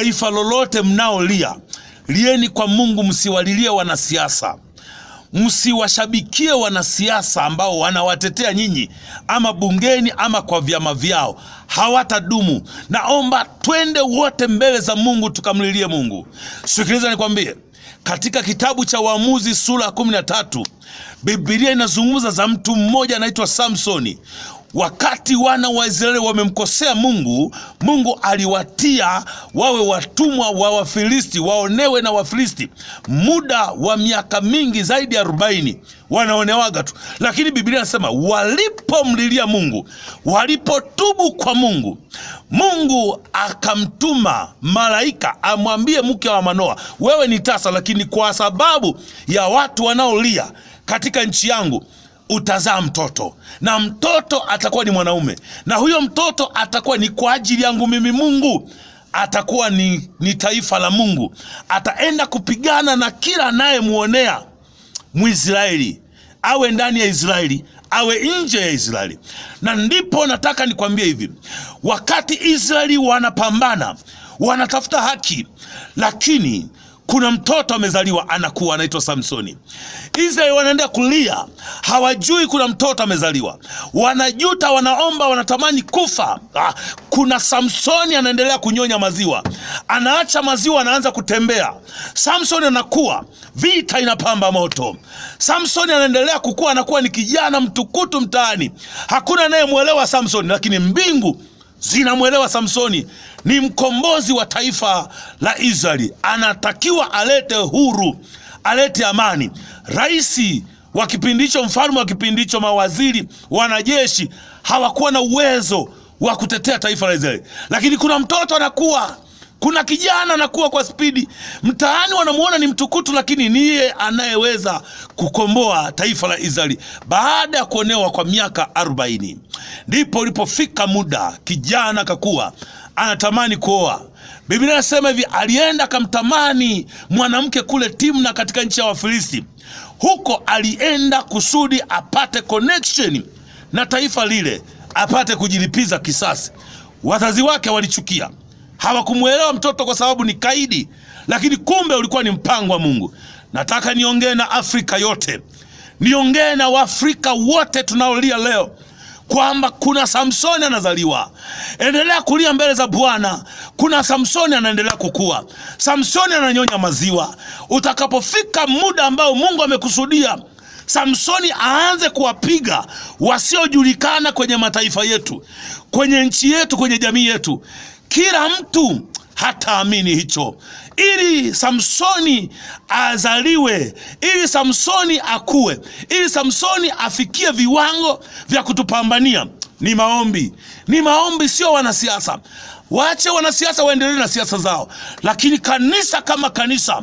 taifa lolote mnaolia, lieni kwa Mungu, msiwalilie wanasiasa msiwashabikie wanasiasa ambao wanawatetea nyinyi ama bungeni ama kwa vyama vyao, hawatadumu. Naomba twende wote mbele za Mungu tukamlilie Mungu. Sikiliza nikwambie, katika kitabu cha Waamuzi sura kumi na tatu Biblia inazungumza za mtu mmoja anaitwa Samsoni wakati wana wa Israeli wamemkosea Mungu, Mungu aliwatia wawe watumwa wa Wafilisti, waonewe na Wafilisti muda wa miaka mingi zaidi ya arobaini, wanaonewaga tu. Lakini Biblia inasema walipomlilia Mungu, walipotubu kwa Mungu, Mungu akamtuma malaika amwambie mke wa Manoa, wewe ni tasa, lakini kwa sababu ya watu wanaolia katika nchi yangu utazaa mtoto na mtoto atakuwa ni mwanaume, na huyo mtoto atakuwa ni kwa ajili yangu mimi Mungu, atakuwa ni, ni taifa la Mungu, ataenda kupigana na kila anayemwonea Mwisraeli, awe ndani ya Israeli awe nje ya Israeli. Na ndipo nataka nikwambie hivi, wakati Israeli wanapambana, wanatafuta haki, lakini kuna mtoto amezaliwa anakuwa anaitwa Samsoni. Israeli wanaenda kulia, hawajui kuna mtoto amezaliwa, wanajuta, wanaomba, wanatamani kufa. Ah, kuna Samsoni anaendelea kunyonya maziwa, anaacha maziwa, anaanza kutembea. Samsoni anakuwa, vita inapamba moto. Samsoni anaendelea kukua, anakuwa ni kijana mtukutu mtaani, hakuna anayemwelewa Samsoni, lakini mbingu zinamwelewa Samsoni ni mkombozi wa taifa la Israeli, anatakiwa alete huru, alete amani. Raisi wa kipindi hicho, mfalme wa kipindi hicho, mawaziri, wanajeshi hawakuwa na uwezo wa kutetea taifa la Israeli, lakini kuna mtoto anakuwa kuna kijana anakuwa kwa spidi mtaani, wanamuona ni mtukutu, lakini niye anayeweza kukomboa taifa la Israeli baada ya kuonewa kwa miaka arobaini. Ndipo ulipofika muda kijana akakuwa anatamani kuoa. Biblia inasema hivi, alienda akamtamani mwanamke kule Timna katika nchi ya Wafilisti. Huko alienda kusudi apate connection na taifa lile, apate kujilipiza kisasi. Wazazi wake walichukia Hawakumwelewa mtoto kwa sababu ni kaidi, lakini kumbe ulikuwa ni mpango wa Mungu. Nataka niongee na Afrika yote, niongee na Waafrika wote tunaolia leo kwamba kuna Samsoni anazaliwa. Endelea kulia mbele za Bwana. Kuna Samsoni anaendelea kukua, Samsoni ananyonya maziwa. Utakapofika muda ambao Mungu amekusudia Samsoni aanze kuwapiga wasiojulikana kwenye mataifa yetu, kwenye nchi yetu, kwenye jamii yetu kila mtu hataamini hicho. Ili Samsoni azaliwe, ili Samsoni akue, ili Samsoni afikie viwango vya kutupambania, ni maombi, ni maombi, sio wanasiasa. wache wanasiasa waendelee na siasa zao, lakini kanisa kama kanisa,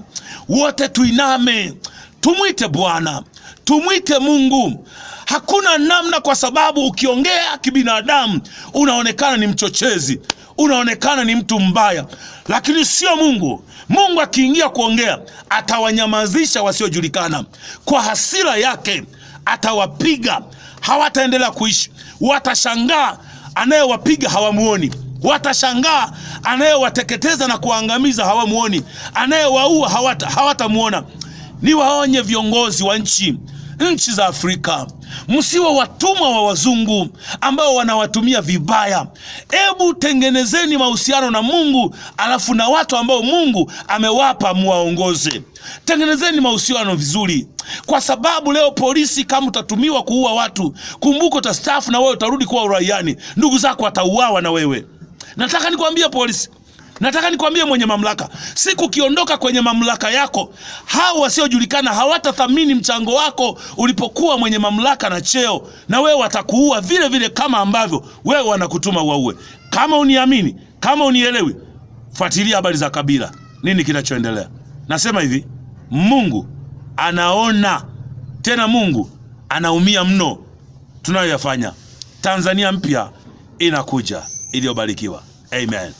wote tuiname, tumwite Bwana, tumwite Mungu. Hakuna namna, kwa sababu ukiongea kibinadamu unaonekana ni mchochezi, unaonekana ni mtu mbaya, lakini sio Mungu. Mungu akiingia kuongea atawanyamazisha wasiojulikana kwa hasira yake, atawapiga hawataendelea kuishi. Watashangaa anayewapiga hawamuoni, watashangaa anayewateketeza na kuangamiza hawamuoni, anayewaua hawatamuona. Niwaonye viongozi wa nchi nchi za Afrika, msiwe watumwa wa wazungu ambao wanawatumia vibaya. Ebu tengenezeni mahusiano na Mungu, alafu na watu ambao Mungu amewapa muwaongoze. Tengenezeni mahusiano vizuri, kwa sababu leo polisi kama utatumiwa kuua watu, kumbuka utastaafu na wewe utarudi kuwa uraiani, ndugu zako watauawa na wewe. Nataka nikwambie polisi Nataka nikwambie mwenye mamlaka, siku ukiondoka kwenye mamlaka yako, hao wasiojulikana hawatathamini mchango wako ulipokuwa mwenye mamlaka na cheo, na wewe watakuua vile vile kama ambavyo wewe wanakutuma uwaue. Kama uniamini, kama unielewi, fuatilia habari za Kabila, nini kinachoendelea. Nasema hivi, Mungu anaona tena, Mungu anaumia mno tunayoyafanya. Tanzania mpya inakuja iliyobarikiwa. Amen.